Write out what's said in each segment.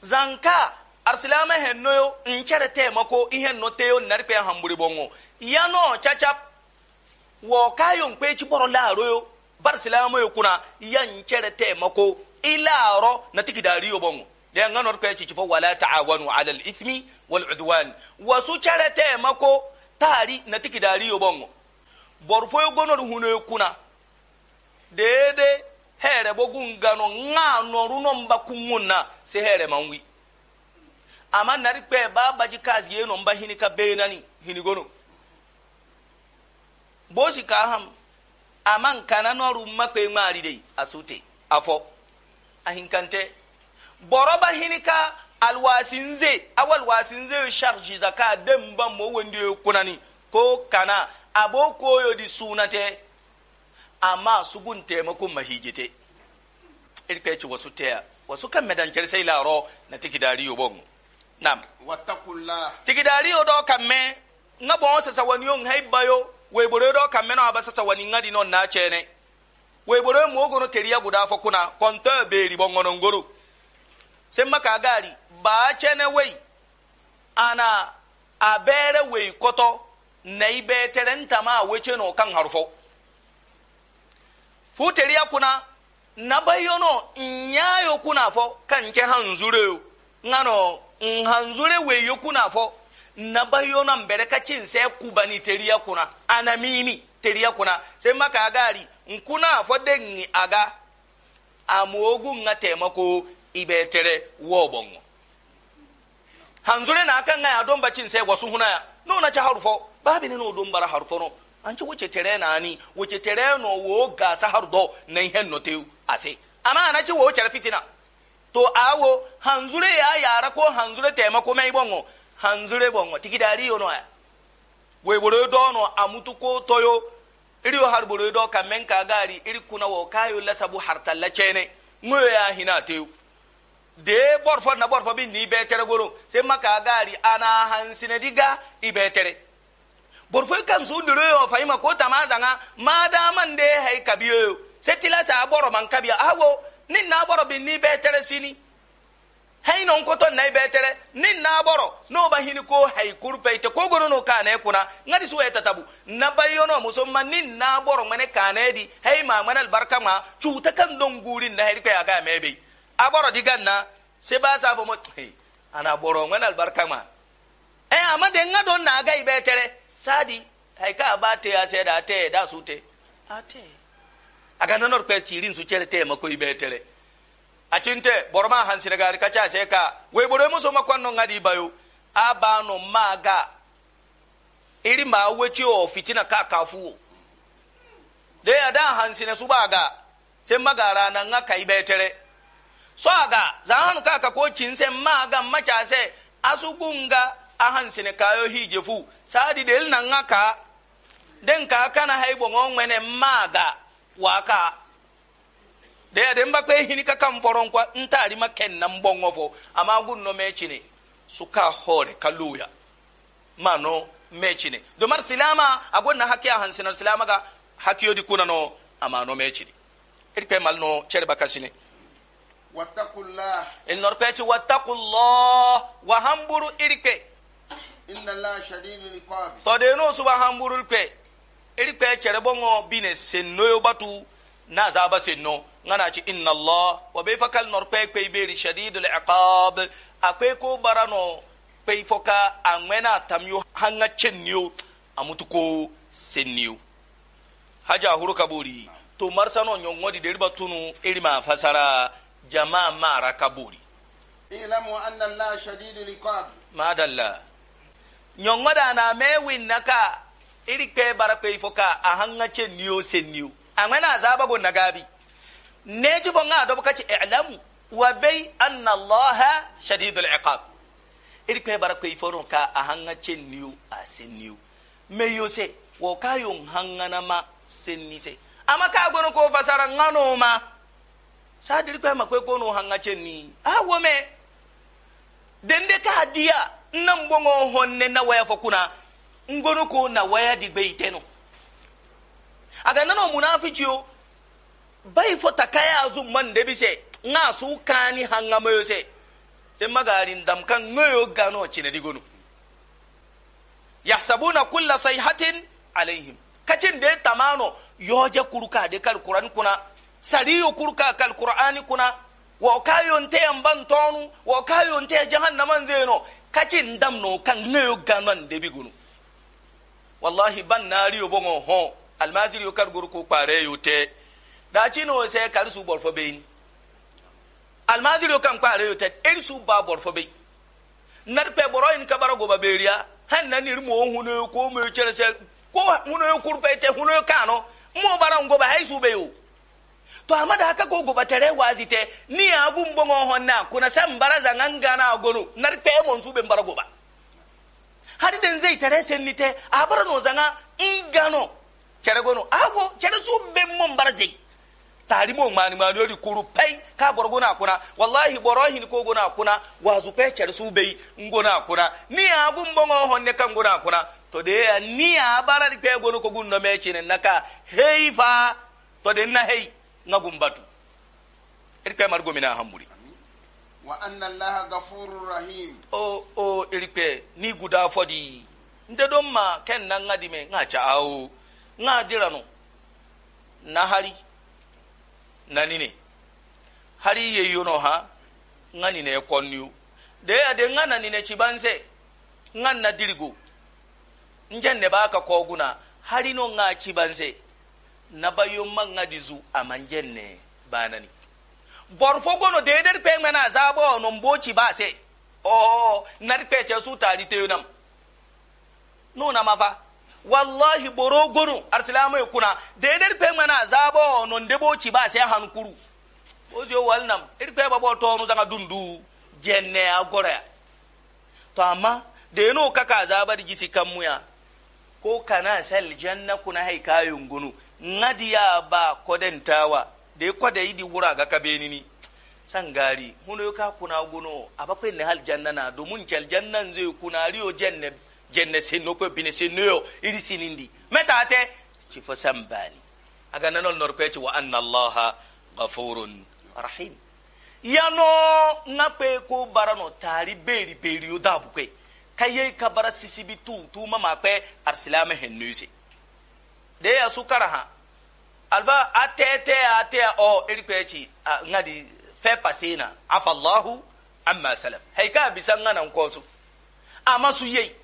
zanka arsilama hen noyo nchere mako ihe no te nnoteyo narikpe hamburi bongo ya no chachap wo kayo nkwe ro yo barsilama yo kuna ya nchere ila ro na tiki dari yo bongo da ngano chi fo wala taawanu ala al-ithmi wal udwan wasu chere mako tari na tiki dari yo bongo borfo yo gonor hunoyo kuna dede here bogungano ngano runomba kunguna se here mangwi amma nari kpe baba ji kazi yeno mba hini ka benani hini gono bosi ka ham ama nkana no rumma kpe ngari dei asute afo ahinkante boroba hini ka alwasinze awal wasinze charge zaka demba mo wende kunani ko kana abo koyo di sunate amma sugun taimakon mahigite irpeci wasu taya wasu kan medancer sai laro na tikidariyo bon nam wattakullah tikidariyo do kan me nga bon sasa wani on haibayo webore do kan me no abasa sasa wani ngadi non na chene webore mu ogono teriya guda fo kuna konta beri bon ngono ngoro sai maka gari ba chene wei ana abere wei koto na ibe terenta ma weche no kan harfo na na afọ ka nabayono ha nzure fo nha nzure ngano nhanzure na afọ na nabayona mbere kakin sai kubani teriya kuna anamimi teriya kuna sai maka agari nkwu na-afọ dengi aga amuogu nga temako ibetere wobongo hanzure na akan nga ya don bacin sai wasu hunaya no na ci harufo babu ne no don bara harufo no an ci wuce tere na ani wuce tere no wo gasa har do na ihe note ase amma anaci wo cere fitina to awo hanzure ya yara ko hanzure ma taimako mai bongo hanzure bongo tikidari yo no ya we boro do no amutu ko toyo iri yo har boro do k'a men ka gari iri kuna wo kayo lasabu hartalla chene ngoyo ya hina teu de borfo na borfo bin ni be tere goro sai maka gari ana hansine diga ibe tere borfo e kan su duro yo fahima ko tama zanga madaman de hay kabiyo setila sa aboro man kabiya awo nin na boro bin ni betere sini hay non koto nay betere nin na boro no ba hini ko hay kurpe te ko gono no kana kuna ngadi su eta tabu na bayono musumma nin na boro mane kana di hay ma manal barka ma cuta kan don gurin na hay ko aga mebe aboro diganna se ba sa fo mo ana boro manal barka ma eh amma de ngado na ga ibetere sadi haika ba te ya se da te da su te a te aga nanor pe cirin su cere te mako ibe tere a cinte borma hansire gari kacha se ka we boro muso makon non ngadi bayo ba no ga iri ma wechi o fitina ka fu de ada hansine su baga sai magara nan aka ibe tere so aga zan ka ka ko cin ma ga ma macha se asugunga ahan sene kayo hije fu sadi del na nga ka den ka kana hay bo ngon mene maga waka de ya den bakwe hini ka kan foron kwa ntari maken na mbongo fo ama gun no mechine suka hore kaluya mano mechine do mar silama agon na hakiya han sene silama ga hakiyo di kuna no ama no mechine irpe mal no chere bakasine wattaqullah in norpeci wattaqullah wa hamburu irke inna allaha shadidul iqabi to de no suba hamburul pe iri pe chere bongo bine senno yo batu na zaba senno ngana ci inna allah wa be fakal nor pe pe beri shadidul iqab akwe ko barano pe foka anwena tamyo hanga chenniyo amutuko senniyo haja huru kaburi to marsano nyongodi de riba tunu iri ma fasara jamaa mara kaburi ilamu anna allah shadidul iqab madalla nyongoda na mewin naka iri kwe bara kwe ka a hanga ce niyo se niyo a ngana zaba go bi. ne ji bon ga do kace i'lamu wa bai anna allah shadidul iqab iri kwe bara kwe iforo ka a hanga ce niyo a se niyo me yo se wo ka yo hanga na ma se ni se ama ka gbono ko fasara ngano ma sa diri ma kwe ko no hanga ce ni a wo me dende ka dia nan bongo honne na waya fokuna ngonu ko na waya di gbe iteno aga nana ciwo bai fo a azu man de bise nga su kani hanga mayo se se magarin damkan ngoyo gano cine di gonu yahsabuna kulla sayhatin alaihim kacin ya tamano yoje kuruka de kal qur'an kuna sariyo kuruka kal kuna wa wo yan ban tonu wo kayonte jahannaman zeno kaci ndam no kan ŋeyo ganan debi gunu wallahi ban yo bongo ho yo kar guru ku kpareyo te dacino se kar su ni almazir yo kan kpareyo te eri su ba borfo bey nar pe boroyin kabara goba beriya han na niri mo hunu ko chere chere ko hunoyo kurpete hunoyo kano mo bara ba hay su yo to amada haka go gobatere wazite ni y'a abu mbongo honna kuna san baraza ngangana gono narpe mon sube mbara goba hadi den zai tare sen nite abara no zanga ingano kere gono ago kere sube mon barazai tari mo mani mani yori kuru pai ka borgo na kuna wallahi borohin ko gona kuna wazu pe kere sube ngona kuna ni y'a abu mbongo honne kan gona kuna to de ni abara di pe gono ko gunno me chine naka heifa to de na hei na gumbatu eri kwe marigo mina hamburi wa anna allaha ghafurur rahim o o eri kwe ni guda fodi nde don ma ken na nga n nga cha awo nga dirano na hari na nine hari ye yono ha nga nine o. de n nga na nine chibanse nga na dirigo nje ne ka koguna hari no nga chibanse nabayun man ngadizu amanjen ne banani borfo gono deder pe ngana zabo a boci ba se o na pe ce su tari te yunam nuna mafa wallahi boro gono arsilamu ya kuna deder pe ngana zabo non de boci ba se hankuru ozo walnam irpe babo to no zanga dundu jenne agora to amma da yano kaka zabar gisi kan muya ko kana sal janna kuna haikayun gunu ŋadi ya ba koden tawa de kode yidi wura ga kabenini sangari huno ka kuna gono aba ko ne hal janna na do mun kel janna nze kuna riyo janne janne sinno ko bine sinno iri sinindi meta ate ci fo sambani aga nanol nor pe ci wa anna allaha ghafurun rahim yano na pe ko barano tari beri beri yo dabu ke kayi ka bara sisibi tu tu mama pe arsilama hennuse de ya sukara ha alfa a tɛɛtɛya a tɛya ɔ eri kpɛ ci ŋa di fɛ pase na afa allahu amma salam hei ka ŋa nan kɔsu a su yei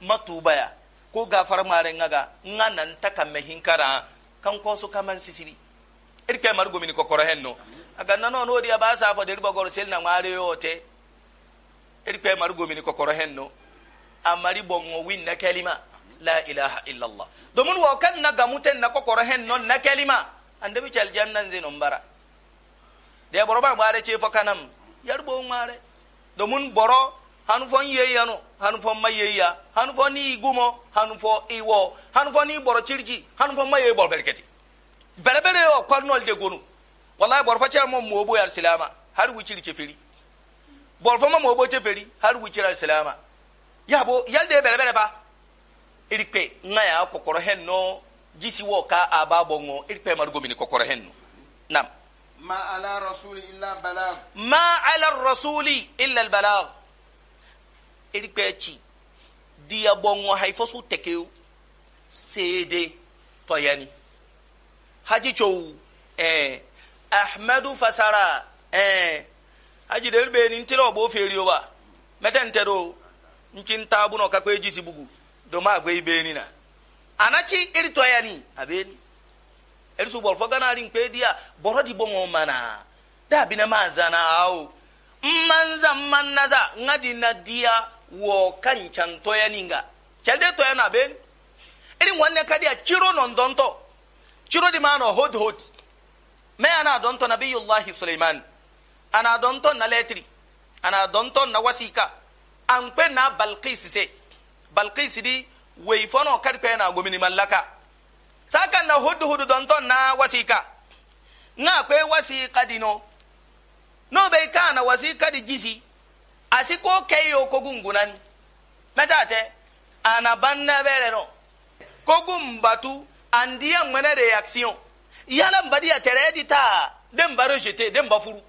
ma ya ko gafara ŋmaare ŋa ga ŋa nan ta ka mɛ hinkara kan kɔsu ka man sisiri eri kpɛ mari gomini kɔkɔrɔ hɛn no a ka nanɔ n'o di a b'a saa fɔ deri ba gɔrɔ seli na ŋmaare y'o tɛ eri mari gomini kɔkɔrɔ hɛn no a mari win na ma. la ilaha illallah domin wa kan na gamuten na kokoro hen non na kalima annabi cal jannan zinon bara de boro ba bare ce fo kanam yarbo mare domin boro hanu fon yeyyano hanu fon mayeyya hanu fo ni gumo hanu fo iwo hanu fo ni boro cirji hanu fo maye boro berketi bere bere yo kwarnol de gonu wallahi boro fo cal mo mobo yar silama har wuciri ce feri boro fo mo mobo ce feri har wuciri al silama yabo yalde bere bere fa irikpe nna ya kokoro henno jisi wo ka aba bongo irikpe marugo mini kokoro henno nam ma ala rasuli illa balagh ma ala rasuli illa al balagh irikpe chi diya bongo haifosu tekeu sede toyani haji chow eh ahmadu fasara eh haji delbe ni ntira obo feriyo ba meten tero nkin tabu no kakwe jisi bugu doma agwei na anachi eri toyani abeni eri su borfo gana rin kwediya borodi bongo mana da bina mazana au manza mannaza ngadi na dia wo kanchan toyani nga chelde toyana ben eri wanne kadia chiro nondonto chiro di mano hod hod me ana donto nabiyullahi suleiman ana donto na letri ana donto na wasika an kwe na balqis se balqis di wey fono kadi kpena gomini mallaka sakan na hudu hudu don ton na wasika nga kwe wasika dino no be kana wasika di jisi asi ko keyo ko gungunan metate ana banna bere no ko gumbatu andiya ngene reaction yala mbadi ya teredi ta demba rejeter ba furu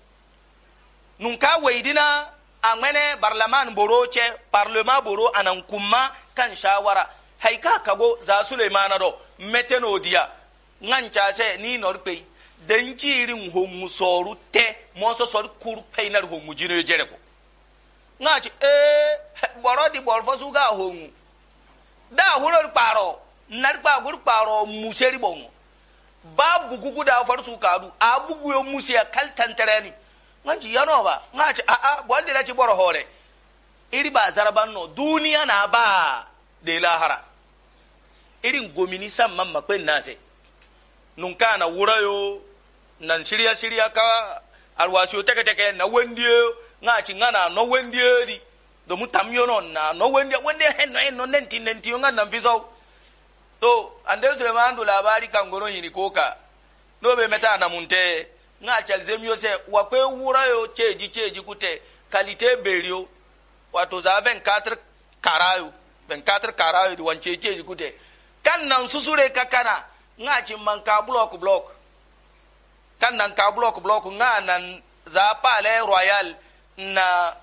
nunka weidina a ŋmene barlaman boro ce parlema boro anan kumma kan shawara hay ka kago za suleimana do meteno diya ŋan se ni nor kpei denciirin hongu soru te moso sor kur peinar hongu jino jere ko ŋa ci eh, boro di bor fo suga hongu da huror kparo nar kpagur kparo museri bongo ba bugugu da far su kadu a buguyo musiya kaltantareni nga ba? nga ci aa bwandira ci boro hore iri ba zaraban no duniya na ba de lahara irin gomini san man na nase nun kana wurayo nan shirya shirya ka alwasiyo teke teke na wendiyo nga ci nga na no wendiyo di domin tamiyo no na no wendiyo wendiyo hen no hen no nenti nenti nga nan fisau to ande suleman du labari kan goron yini koka no be meta na munte nga chalzem yo se wakwe wura yo cheji cheji kute kalite berio wato za 24 karayo 24 karayo di wance cheji kute kan nan susure ka kana nga cin man ka block block kan nan ka block block nga nan za pale royal na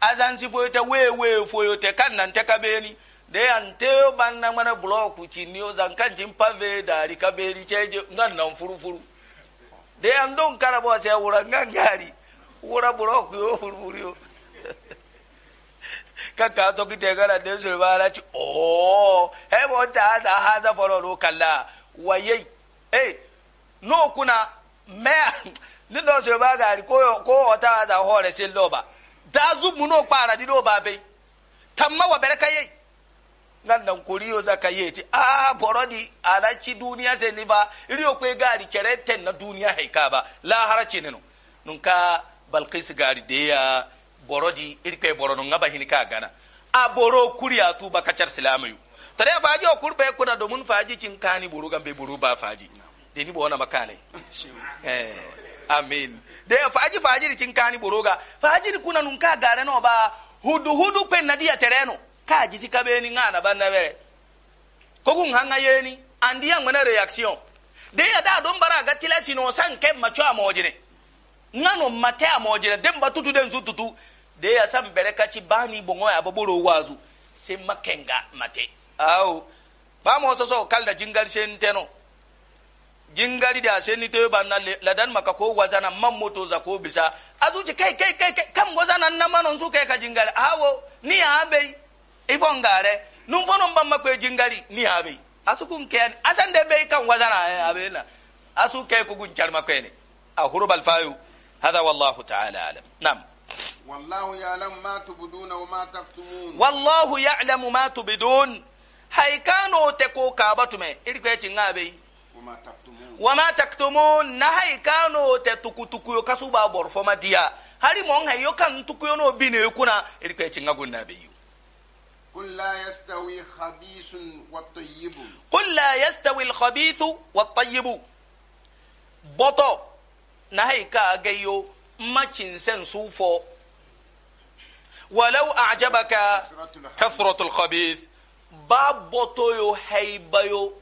azansi foyo te wewe foyo te kan nan te kabeni de yan teo ban na mana block cin yo zan kan cin pave dari kabeni cheje nga nan furu furu. de ando nkara bwase nga ngaali wura buloku yo fulfulyo kaka tokitegala densole balaki o oh, hebontahaza haza fololo kalla wayei e n'o kuna nokuna mea nidonsole bagali kowotahaza hore sin loba n'o nokpara di loba bei tamma wa bereka yei nan dan yau zaka yeti a di na ci duniya se ni ba yau kwe gari kere ten na duniya haika ba la harace ne nun ka balqis gari da ya borodi boro nun ngaba hini ka gana a boro kuriya tuba kacar silamayu tare faji o bai kuna domin faji cin kani buru gambe buru ba faji deni bo na makale eh, amin da de faji faji cin kani buru ga faji kuna nun ka gare no ba hudu hudu pen na dia tereno ka jisi kabeni ngana banna bere kogun hanga yeni andi yang mana reaction de ya da don bara ga tilasi no san ke macho amojire ngano mate amojire dem batutu den zututu de ya san bere kachi bani bongo ya baboro wazu se makenga mate aw ba mo so so kalda jingal sen teno jingari da seni to ba na ladan maka ko wazana man moto za ko bisa azuci kai kai kai kam wazana nan manon su kai ka jingari hawo ni ya bai ifongare num fonon bamma kwe jingari ni abe asukun ken asande be kan wazana abe na asu ke kugun charma kwene a hurubal fayu hada wallahu ta'ala alam nam wallahu ya'lam ma tubdun wa ma taftumun wallahu ya'lam ma tubdun haikano te ko kabatume ngabe wa ma taktumun na haikano te yo kasuba bor fo madia hari mon hayo kan tukuyo no bine kuna irikwe ngagun nabiyu قل لا يستوي خبيث والطيب قل لا يستوي الخبيث والطيب بطو نهي كاغيو ما تشنسن سوفو ولو أعجبك كثرة الخبيث باب بطو يو هيبيو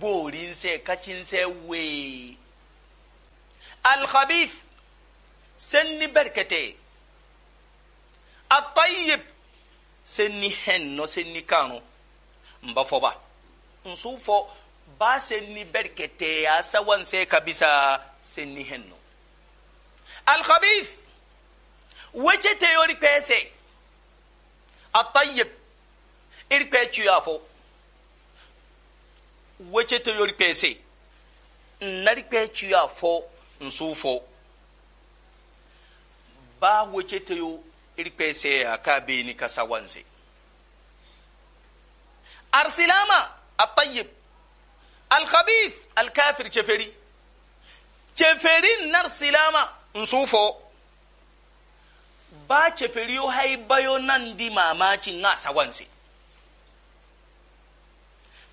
بورينسي كاتشنسي وي الخبيث سن بركتي الطيب sen ni senni henno senni kanu mba foba nsu fo ba sen senni berkete ya sawan sai kabisa sen ni senni henno alkhabith wace te yori pese atayyib iri pece ya fo wace te yori pese nari pece ya fo nsu fo ba wace te yori ili pese akabini kasawanzi arsilama at-tayyib al-khabith al-kafir cheferi cheferi narsilama, nsufo ba cheferi yo haibayo nan di mamaci sa sawanzi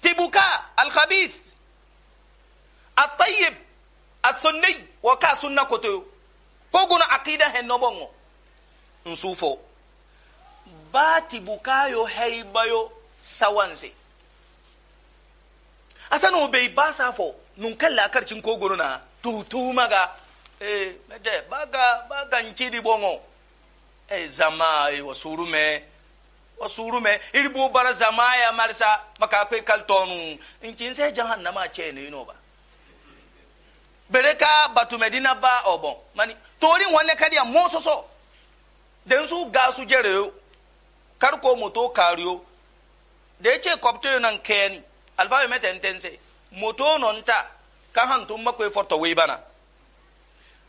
tibuka al-khabith at-tayyib as-sunni wa ka sunna koguna aqida hen nobongo ba ti bukayo heibayo sawanse ba sa fɔ nun kalla akarcin kogoro na tutumaga eh mede baga baga nkidi bongo eh zama eh wasurume wasurume iribo bara zama ya marsa maka kwe kaltonu nkin sai jahannama ce ne no ba bereka batu medina ba bɔn mani tori wanne kadiya mososo den su ga su jere kar ko moto kariyo da yace kwabto nan kayani alfawe meta intense moto non ta kan han tum makwe forto we bana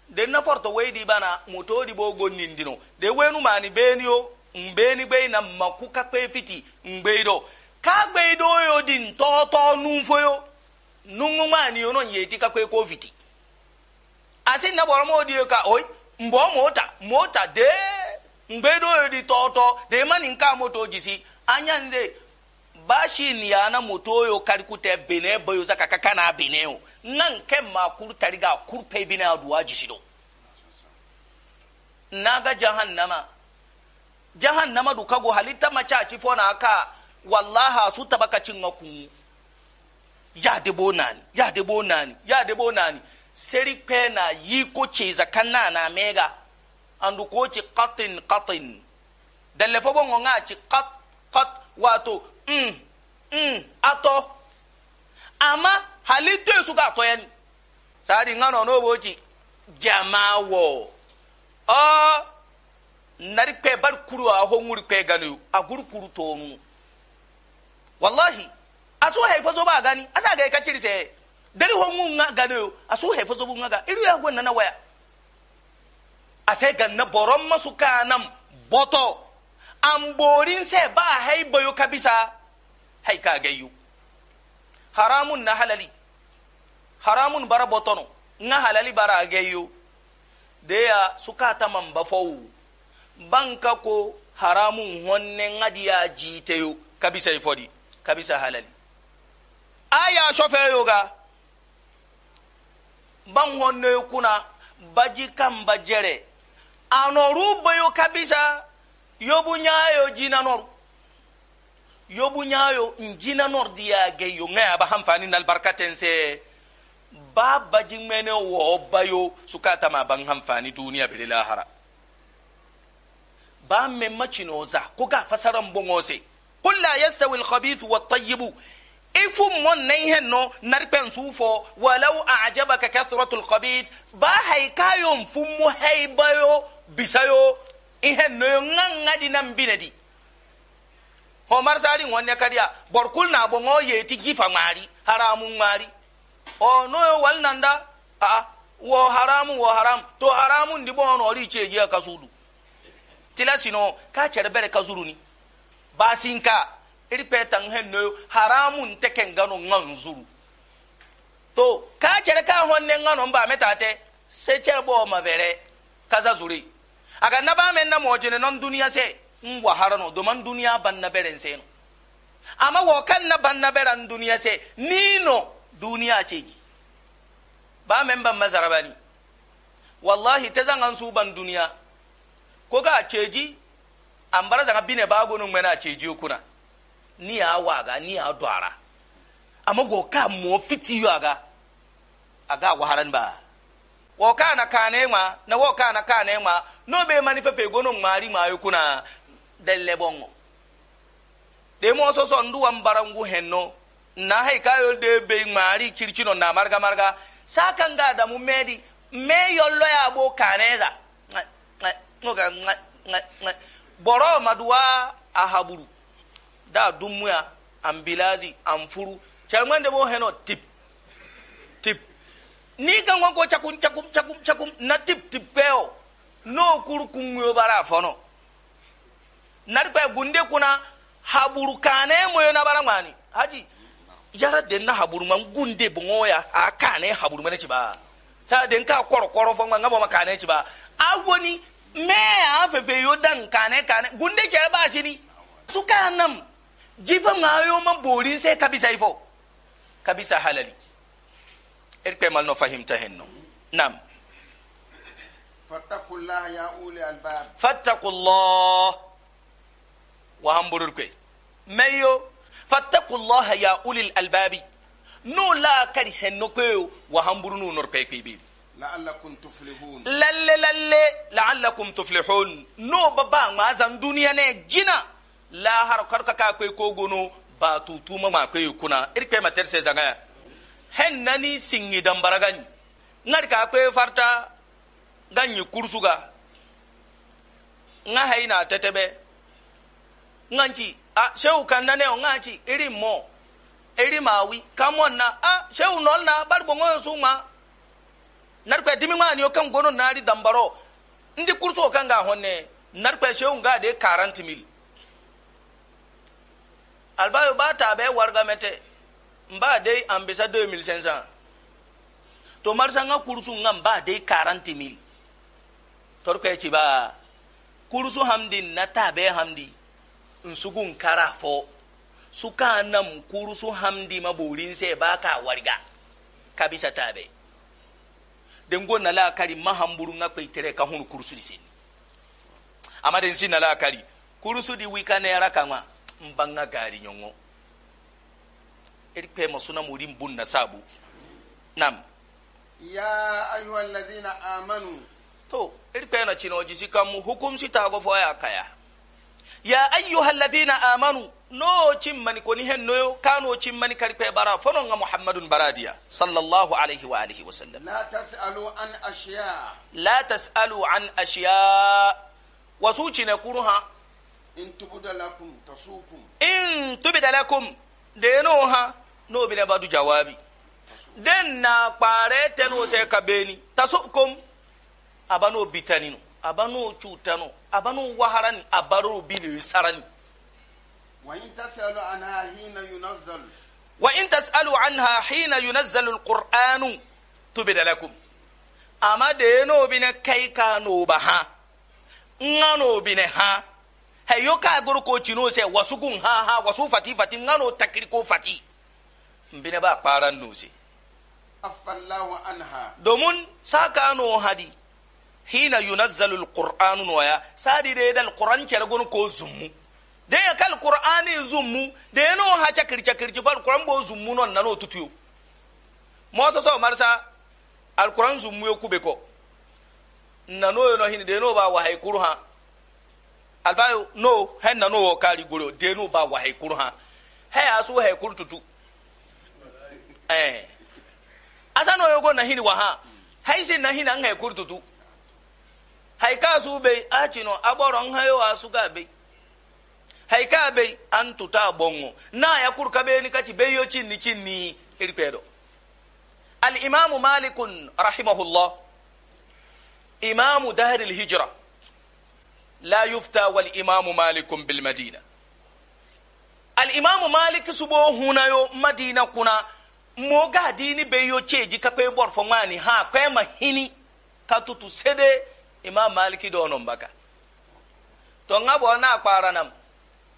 den na forto we di bana moto di bo gonnin dino de wenu mani benio mbeni gbe na ka kwe fiti mgbeido ka gbeido yo di ntoto numfoyo nungu mani yo non yeti ka kwe ko fiti asin na boromo di ka oy mbo mota mota dee. mgbe do di tɔɔtɔ de ma nin kaa moto jisi anya nze baasi niyaana moto yo kariku tɛ benɛ bayo zaka ka na naa o nga nkɛ kuru tari kuru pɛ bi duwa jisi do naga jahannama jahannama du kago halitta ma caci fo na ka wallaha su taba ka cin ga ya debo nani ya debo nani ya debo nani seri pe na yi ko ceza kan na na mega andu ko ci qatin qatin dalle fo bongo nga ci qat qat wato mm mm ato ama halitto su ga to yani sadi ngano no boji jamawo o nari pe bar kuru a ho nguri pe ganu a guru kuru to mu wallahi aso haifa zo ba gani asa ga e ka kirse dari ho ngun ga ganu aso haifa zo bu ga iru ya gonna nana waya ase na boron masu kanam boto an borin sai ba haibayo kabisa haika gayu haramun na halali haramun bara botono nga halali bara gayu deya suka ta man bafawu banka ko haramun honne ngadi ya jiteyo kabisa ifodi e kabisa halali aya shofe yoga ban wanne kuna baji kan bajere anoru bayo kabisa yobu nyayo jina nor yobu nyayo njina diya ge yo ngaya ba hanfani nal barkaten se ba baji mene wo bayo sukata ma ban hanfani duniya bi lahara ba me machinoza ko ga fasaran bongose qul yastawi al khabith wat tayyib ifu mon nan hen narpen sufo walau a'jabaka kathratu al khabith ba mu fumu bayo. bisayo ihe noyo ŋaŋa di na mbine di homar sari ŋonne kadiya borkul na boŋo yeti jifa ŋmaari haramu ŋmaari o noyo wal nanda aa wo haramu wo haramu to haramu ndi boŋo noori ceejiya kasudu tila sino ka cere bere kasuruni basinka iri petan hen noyo haramu nte kengano ŋan zuru to ka cere ka honne ŋano mba metate se cere bo mabere kaza zuri aga naba me na jene non dunia se harano do man dunia ban na beren no amma wo kan na ban na beran dunia se nino duniya ce ba men ban mazarabani wallahi ta zan an su ban dunia ko ga ceji an bar zanga bine bagunun mena ceji kuna ni ya waga ni ya dwara amma go ka mo fiti yo aga wa haran ba wo kana kana ŋma na wo kana kana ŋma no be mani fefe gono ŋmaari ŋmaayo kuna delle bongo de mo so so ndu wan barangu henno na hay kayol de be ŋmaari kirkino na marga sakan ga adamu medi me yollo ya bo kaneza ngoga boro maduwa a haburu da dummuya an bilazi an furu de bo heno tip ni kan gon ko cakum cakum cakum cakum na tip tip peo no kuru kunyo bara fono nar pe gunde kuna haburu kane moyo na bara ngani haji yara den na haburu man gunde bungo a kane haburu mene ba ta den ka koro koro fo ngabo ma kane ba agoni me a fefe yo dan kane kane gunde kere ba shini suka nam jifa ngayo man borin sai kabisa ifo kabisa halali اركي مال نفهم تهنو نعم فاتقوا الله يا اولي الباب فاتقوا الله وهم بروكي مايو فاتقوا الله يا اولي الالباب نو لا كاري هنوكيو وهم برونو نوركي بيبي لعلكم تفلحون لا لا لا لا لعلكم تفلحون نو بابا ما زان دنيا ني جينا لا هر كركا كاي كوغونو باتو توما ما كوي كونا اركي ما ترسي زغايا hen nani singi dambara ganyi ngari ka kwe farta ganyi kursuga nga haina tetebe nganci a ah, shehu kannaneo ngaci iri mo iri mawi kamon ah, na a shehu nol na bari bongoyo suma narkwe dimi ngani yo kan gono nari dambaro ndi kurso kan ga honne narkwe shehu nga de 40 mil albayo ba ta be warga mete mba dai ambesa 2500 to marsa nga kursu nga mba dai 40000 torko yake ba kursu hamdi na tabe hamdi nsugun kara suka nam kursu hamdi maburin sai ba ka warga kabisa tabe dengo na la kari mahamburu nga kwaitere ka hun kursu disin amaden sin na la kari kursu di wika ne raka nga mbanga gari nyongo iri pe mo suna murin bun na sabu nam ya ayuha alladhina amanu to iri pe na chino jisi kam hukum si ta go foya kaya ya ayuha alladhina amanu no cimmani koni hen noyo kano cimmani mani koye bara fono ga muhammadun baradiya sallallahu alaihi wa alihi wa sallam la tasalu an ashiya la tasalu an ashiya wasucine kuru ha in tubida lakum tasukum in tubida lakum ndeno ha no ba badu jawabi den na kpare tenu se kabeni tasukum abano bitaninu abano cutanu a waharani abaro bili sarani wa in tasalu anha hina yunazzal wa in tasalu anha hina yunazzal alquran tubida a ama de no ne kai ka no ba ha ngano ne ha hayo ka ko cinu se wasugun ha ha wasu fati fati ngano takri ko fati mbine ba kparan nuse afallahu anha domin saka no hadi hina yunazzalu alqur'anu noya sadi de dal qur'an kere gon ko zummu de ya kal qur'ani e zummu de no ha chakir chakir ci fal qur'an bo zummu non nano tutuyo mo so so marsa alqur'an zummu yo kube ko nano yo no hin de no ba wa hay qur'an alfa no hen nano wo kali goro de no ba wa hay qur'an he asu hay qur'an tutu eh asano yogo na hini waha haisi na hina ngai kurtutu haika su be aboro agboro hayo asuga be haika be antuta bongo na ya kurka be ni kachi be yo chinni chinni irikwedo al imam malikun rahimahullah imam dahr al hijra la yufta wal imam malik bil madina al imam malik subo hunayo madina kuna moga dini be yo ji ka pe bor fo mani ha kwe ma hini ka tutu sede imam maliki do non baka to bo na kwara nam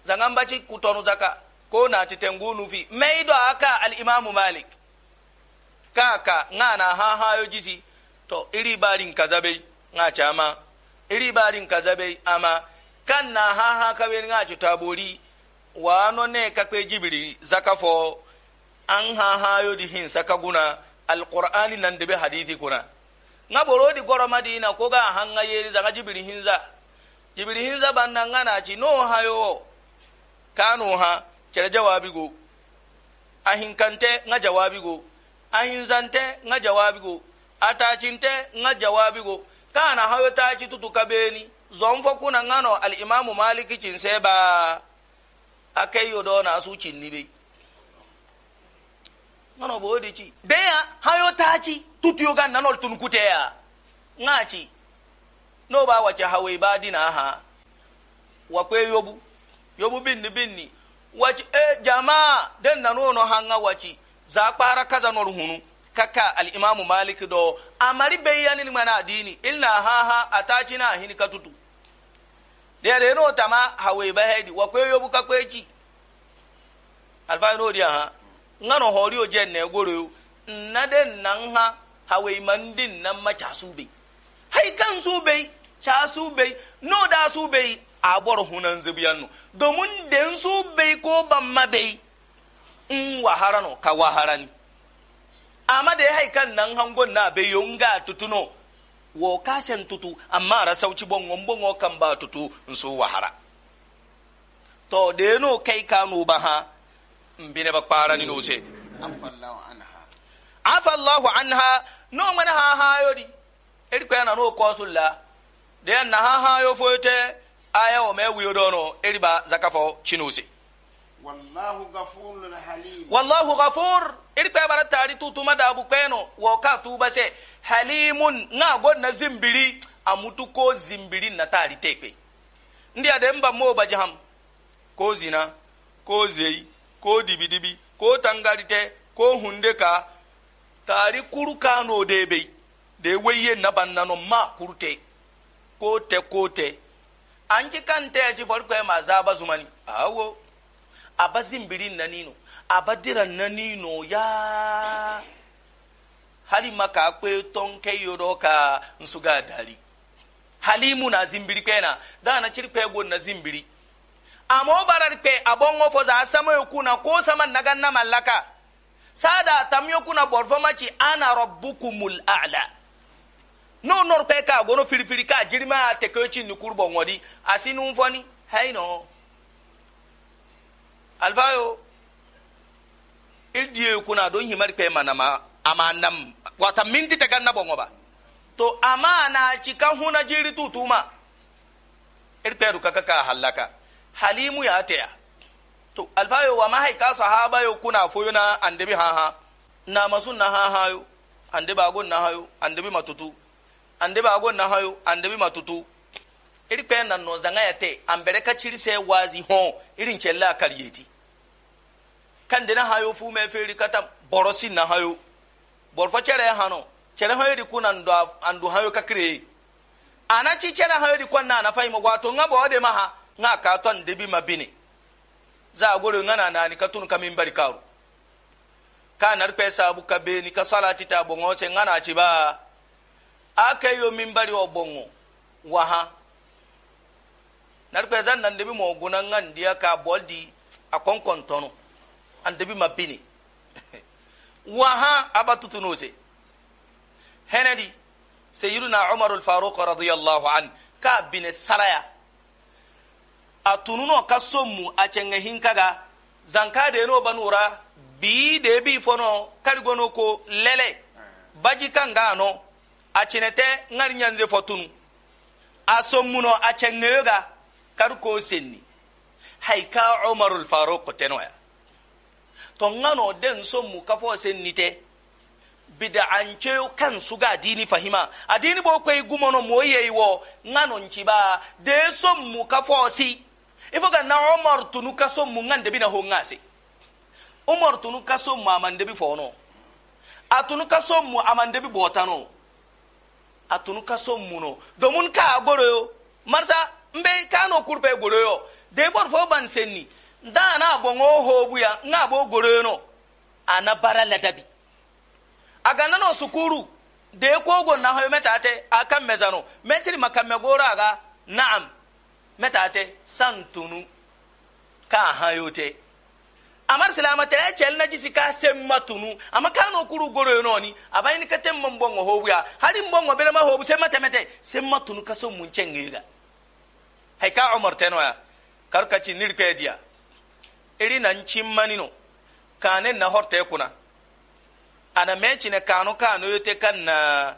zangamba ci kutonu zaka ko na ci tengunu fi meido aka al imam malik kaka na ha ha yo jisi to iri barin be nga chama iri bari barin be ama kan na ha ha kabe nga ci tabori wa no ne ka pe jibiri zaka fo an ha hayo di hin saka guna alqur'ani nan de be hadithi kuna nga di goro madina ko ga hanga yeri za jibril hinza za hinza banna ngana ci no yo kanu ha kere jawabi go ahin kante nga jawabi go ahin zante nga jawabi go cinte nga jawabi go kana ta ci tutu kabeni fo kuna ngano al imam maliki cin seba akai do na su cinni bai ngano boodi ci deya hayo taaci tutuyoga nanol tun kuteya ŋa ci no ba cha hawe ba na ha wa kwe yobu yobu binni binni chi e jama'a den nanono hanga chi za para kaza nor hunu kaka imam malik do amari ni mana dini ilna ha ha chi na hin ka tutu da de no tama hawe ba haidi wa kwe yobu ka kwe ci alfa no di ha ngano hori o jenne goro na den nan ha hawai man nan ma ca su bai hai kan su bai ca su bai no da su bai a hunan zubiyan no domin den su bai ko ban ma bai in wahara no ka wahara ni amma da hai kan nan hangon na bai yonga tutuno wo kasen tutu amma ra sauci bongon bongo kan ba tutu in su wahara to da no kai kanu ba ha n bene ba kparani no se afa allahu anha no man ha hayodi eri kpena no kosulla den na ha hayo foyote aya wo me wiyodono eri ba zakafo chinose wallahu gafur iri kpe bara tari tutuma da abu kpeno wo ka tuba se halimun nga god na zimbiri amutu ko zimbiri na tari tekpe ndi ade mba mo ba jaham ko zina ko zei ko dibidibi ko tangarite ko hundeka tari kuru kano de de weye na bannano ma kurte kote kote an ki te ci farko ma ba zumani awo aba zimbirin na nino ba diran na nino ya hali ka kwe ton kai yoro ka nsuga dali halimu na zimbiri kwena da na cirkwe gon na zimbiri amo barar pe a sama samo na ko sama ganna mallaka sada tamyo na borfo machi ana rabbukumul a'la no nor pe ka gono firifiri ka jirma te ko chi ni kurbo ngodi asinu foni hayno alfayo ildiye kuna don himar pe manama amanam wata minti te ganna bongo ba to amana chika huna jiri tutuma irperu kaka ka halaka halimu ya teya to alfayo wa mahaika sahaba yo kuna foyo na andabi ha ha na masun na ha ha yo andabi agon na ha yo andabi matutu andabi agon na ha yo andabi matutu iri kpe na no zanga ya te ambere ka chiri se wazi ho iri nchella kariyeti kan dina ha yo fu me feri kata borosi na ha yo borfo chere ha no chere ha yo di kuna ndo andu ha yo kakire ana chi chere ha yo di kwanna na na faimo wato ngabo ode maha nga ka ton bi mabini za goro ngana nani ka tun kamin bari karu ka nar pesa bu ka ni ka salati ta bongo se ngana ci ba ake yo min bari o bongo waha nar pesa nan bi mo guna ngan dia ka boldi a kon kon tonu an bi mabini waha abatutuno se henadi sayyiduna umar al-faruq radiyallahu an ka bine salaya. a tununo ka sommu a cenŋe hinkaga zankadeno banura bii de bi fono karigono ko lele baji kanga no a cinete ŋari ɲanze fo tunu a sommuno a cenŋeyoga kari ko senni hay ka omarul faruk tenoya to ŋano den sommu kafo sennite bidaanceyo kan suga adini fahima adini bo kwei gumono moyeyi wo ŋano nciba de sommu kafo si ka na umar tunu kaso mu ngande bina ho ngase umar tunu kaso mu amande bi fono atunu kaso mu amande bi botano atunu kaso mu no domun ka agoro yo marsa mbe kano kurpe goro yo de bor fo ban senni da na bongo ho buya nga bo goro yo no ana bara ladabi aga nano sukuru de kogo na hoyo metate akan mezano mentri makamme goro aga na'am mɛta tɛ san tunu k'a ha yo tɛ amar silama tɛrɛ cɛl na jisi k'a semma tunu ama k'a no kuru goro yo nɔni a ba ɲini ka tɛ ma bɔŋɔ hobuya hali bɔŋɔ ma hobu semma tɛmɛtɛ semma tunu ka so mun cɛŋge ga hay ka umar tɛnɔya kar ka ci nirikɛ diya iri nan cimmani no kane na horte kuna ana mecine kanu kanu yote kan na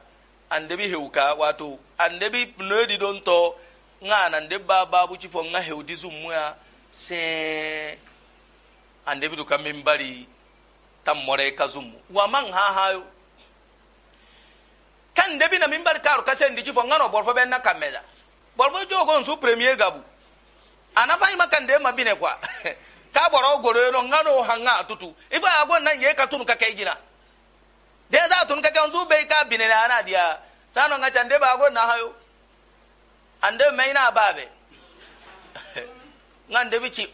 andebi hewka wato andebi noyodi don to nga na nde ba babu chifo nga heudi zumwa se ande bitu kamimbari tammore kazumu wa man ha hayo kan debi na mimbar karu kase ndi chifo ngano borfo ben na kamela borfo jogo nsu premier gabu ana fa ima kan de mabine kwa ka boro goro no ngano hanga atutu ifa agon nan ye ka tunu ka kai gina de za tunu ka kan su be ka binela ana dia sano ngacha de ba agon na hayo ande be babe ngande bici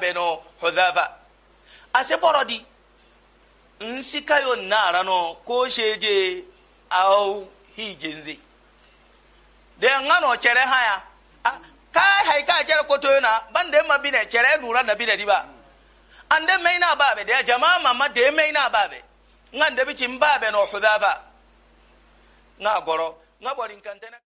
be no hudhafa ase borodi nsikayo nara no ko sheje au hijenze de ngano chere haya ah, kai hai ka chere ko toyona de ma bine chere nura na bine diba ande ba be de jamaa mama de maina babe ngande bici mbabe no hudhafa nga goro nga borin kantena